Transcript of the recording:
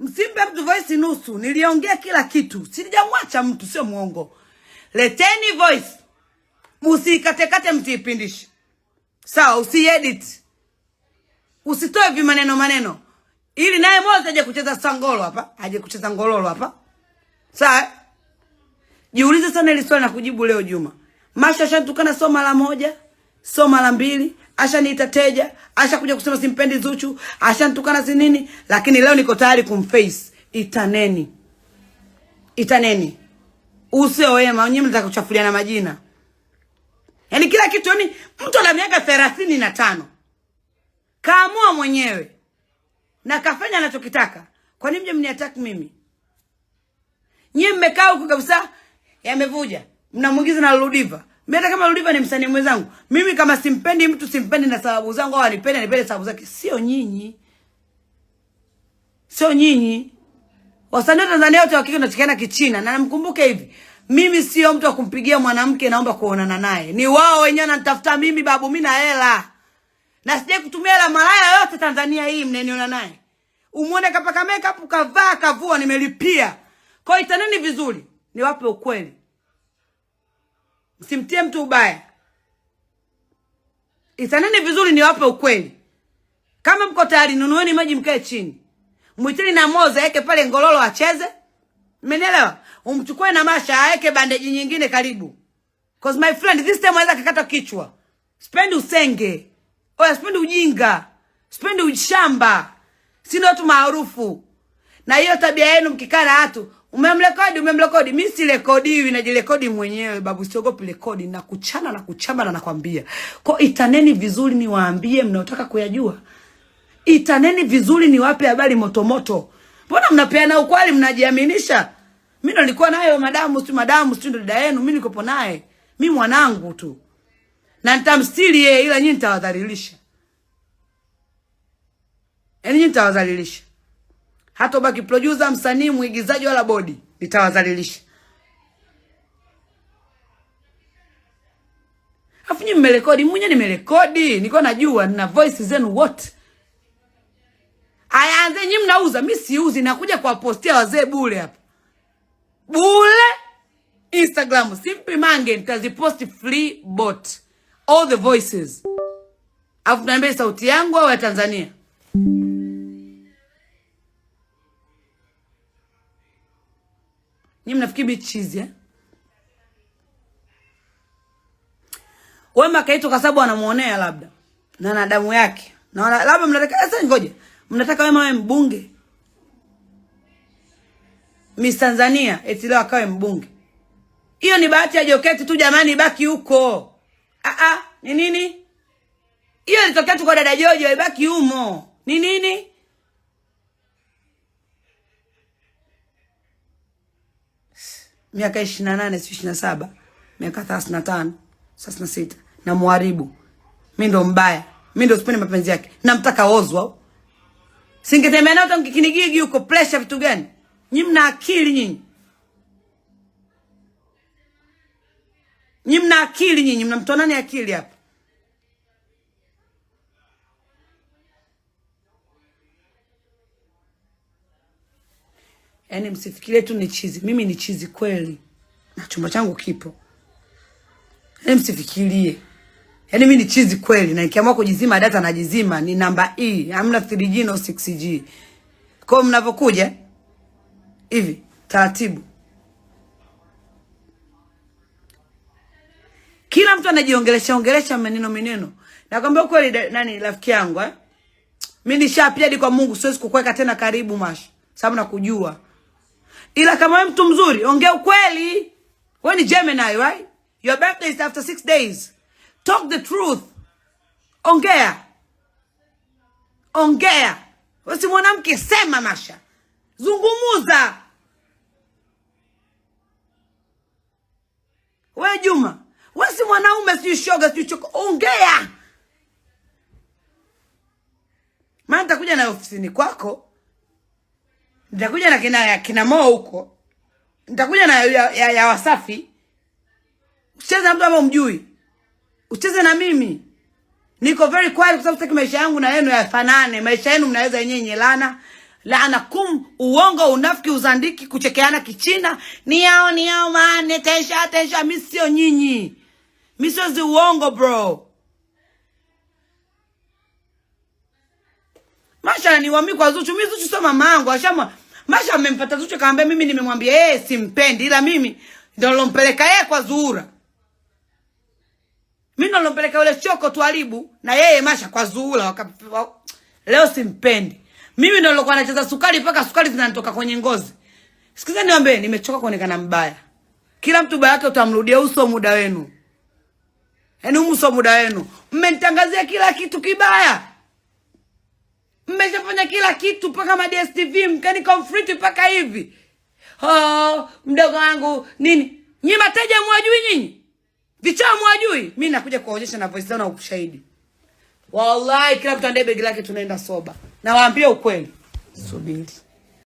Msimbe mtu voice nusu, niliongea kila kitu, sijamwacha mtu, sio mwongo. Leteni voice, musikatekate, msiipindishe. Sawa, usiedit, usitoe vimaneno maneno, ili naye Moze aje kucheza sangolo hapa, aje kucheza ngololo hapa. Sawa, jiulize sana ile swali na kujibu leo. Juma Masha shantukana, sio mara moja, sio mara mbili ashaniita teja, ashakuja kusema simpendi Zuchu, ashantukana si nini, lakini leo niko tayari kumface. Itaneni, itaneni usio wema, nyinyi mtaka kuchafuliana majina, yaani kila kitu. Yaani mtu ana miaka thelathini na tano kaamua mwenyewe na kafanya anachokitaka. Kwa nini mje mniataki mimi? Nyie mmekaa huku kabisa, yamevuja mnamwingiza na Ludiva mimi hata kama Ludiva ni msanii mwenzangu, mimi kama simpendi mtu simpendi na sababu zangu, au anipende anipende sababu zake, sio nyinyi. Sio nyinyi. Wasanii wa Tanzania wote wakike wanatikana kichina na namkumbuke hivi. Mimi sio mtu wa kumpigia mwanamke naomba kuonana naye. Ni wao wenyewe wananitafuta mimi babu mimi na hela. Na sije kutumia hela malaya yote Tanzania hii mneniona naye. Umuone kapaka makeup kavaa kavua nimelipia. Kwa itaneni vizuri. Niwape ukweli simtie mtu ubaya, isaneni vizuri, niwape ukweli. Kama mko tayari, nunueni maji, mkae chini, Mwiteni na Moza aweke pale ngololo acheze, mmenielewa? Umchukue na Masha aeke bandeji nyingine karibu, cause my friend, this time anaweza kakata kichwa. spendi usenge, oya, sipendi ujinga, spend ushamba, sina watu maarufu. Na hiyo tabia yenu mkikaa na watu Umemrekodi, umemrekodi. Mimi si rekodiwi, najirekodi mwenyewe babu, siogopi rekodi na kuchana na kuchamba na nakwambia. Kwa itaneni vizuri niwaambie mnaotaka kuyajua. Itaneni vizuri niwape habari moto moto. Mbona mnapeana ukweli mnajiaminisha? Mimi nilikuwa naye madamu, si madamu, si ndo dada yenu, mimi nilikopo naye. Mimi mwanangu tu. Na nitamstiri yeye ila nyinyi nitawadhalilisha. yani nyinyi nitawadhalilisha hata ubaki producer, msanii, mwigizaji wala bodi, nitawadhalilisha. Afu nyinyi mmerekodi, mwenyewe nimerekodi, niko najua nina voice zenu wote. ayanze nyinyi mnauza, mimi siuzi, nakuja kuwapostia wazee bure hapa. Bure Instagram Simpi Mange nitazipost free bot all the voices. Afu tunaambia sauti yangu au ya Tanzania. Nyinyi mnafikiri bichizi eh? Wema kaitwa kwa sababu anamuonea labda na na damu yake. Na labda mnataka sasa, ngoja. Mnataka Wema awe mbunge. Miss Tanzania eti leo akawe mbunge. Hiyo ni bahati ya Joketi tu jamani, ibaki huko. Ah ah, ni nini? Hiyo ilitokea tu kwa dada Jojo, ibaki humo. Ni nini? miaka ishirini na nane si ishirini na saba miaka thelathini na tano thelathini na sita na mi ndo mbaya mi ndo sipendi mapenzi yake, namtaka ozwa. Singetembea tangu mkikinigigi huko, presha vitu gani? nyi mna akili nyinyi, nyi mna akili nyinyi, mnamtoa nani akili hapa? Yaani msifikirie tu ni chizi. Mimi ni chizi kweli. Na chumba changu kipo. Yaani msifikirie. Yaani mimi ni chizi kweli na nikiamua kujizima data najizima ni namba E, hamna 3G no 6G. Kwa hiyo hivi taratibu. Kila mtu anajiongelesha ongelesha maneno meneno. Nakwambia kweli nani rafiki yangu eh? Mimi nishapia hadi kwa Mungu siwezi kukuweka tena karibu mash. Sababu nakujua. Ila kama wewe mtu mzuri, ongea ukweli. Wewe ni Gemini, right? Your birthday is after six days. Talk the truth. Ongea. Ongea. Wewe si mwanamke, sema Masha. Zungumuza. Wewe Juma, wewe si mwanaume, si shoga, si choko. Ongea. Maana nitakuja na ofisini kwako nitakuja na kina, kina Mo huko nitakuja na ya, ya, ya Wasafi. Ucheze na mtu ambaye umjui, ucheze na mimi. Niko very quiet kwa sababu sitaki maisha yangu na yenu yafanane. Maisha yenu mnaweza yenyewe yenye lana laana kum uongo, unafiki, uzandiki, kuchekeana kichina, niao niao maana tesha tesha. Mimi sio nyinyi, mimi sio zi uongo bro. Masha ni wami kwa Zuchu, mimi Zuchu sio mamangu ashama Masha amempata Zuchu kaambia, mimi nimemwambia yeye simpendi, ila mimi ndio nilompeleka yeye kwa Zuhura. Mimi ndio nilompeleka yule choko tuharibu na yeye Masha kwa Zuhura waka, leo simpendi. Mimi ndio nilikuwa nacheza sukari mpaka sukari zinanitoka kwenye ngozi. Sikiza niwaambie, nimechoka kuonekana mbaya. Kila mtu baya yake utamrudia uso muda wenu. Yaani, uso muda wenu. Mmenitangazia kila kitu kibaya mmeshafanya kila kitu mpaka DSTV mkani conflict mpaka hivi oh, mdogo wangu nini Nyi mateja mwajui nyinyi vichwa mwajui mi nakuja kuwaonyesha na voice na ushahidi wallahi kila mtu ndiye begi lake tunaenda soba nawaambia ukweli subiri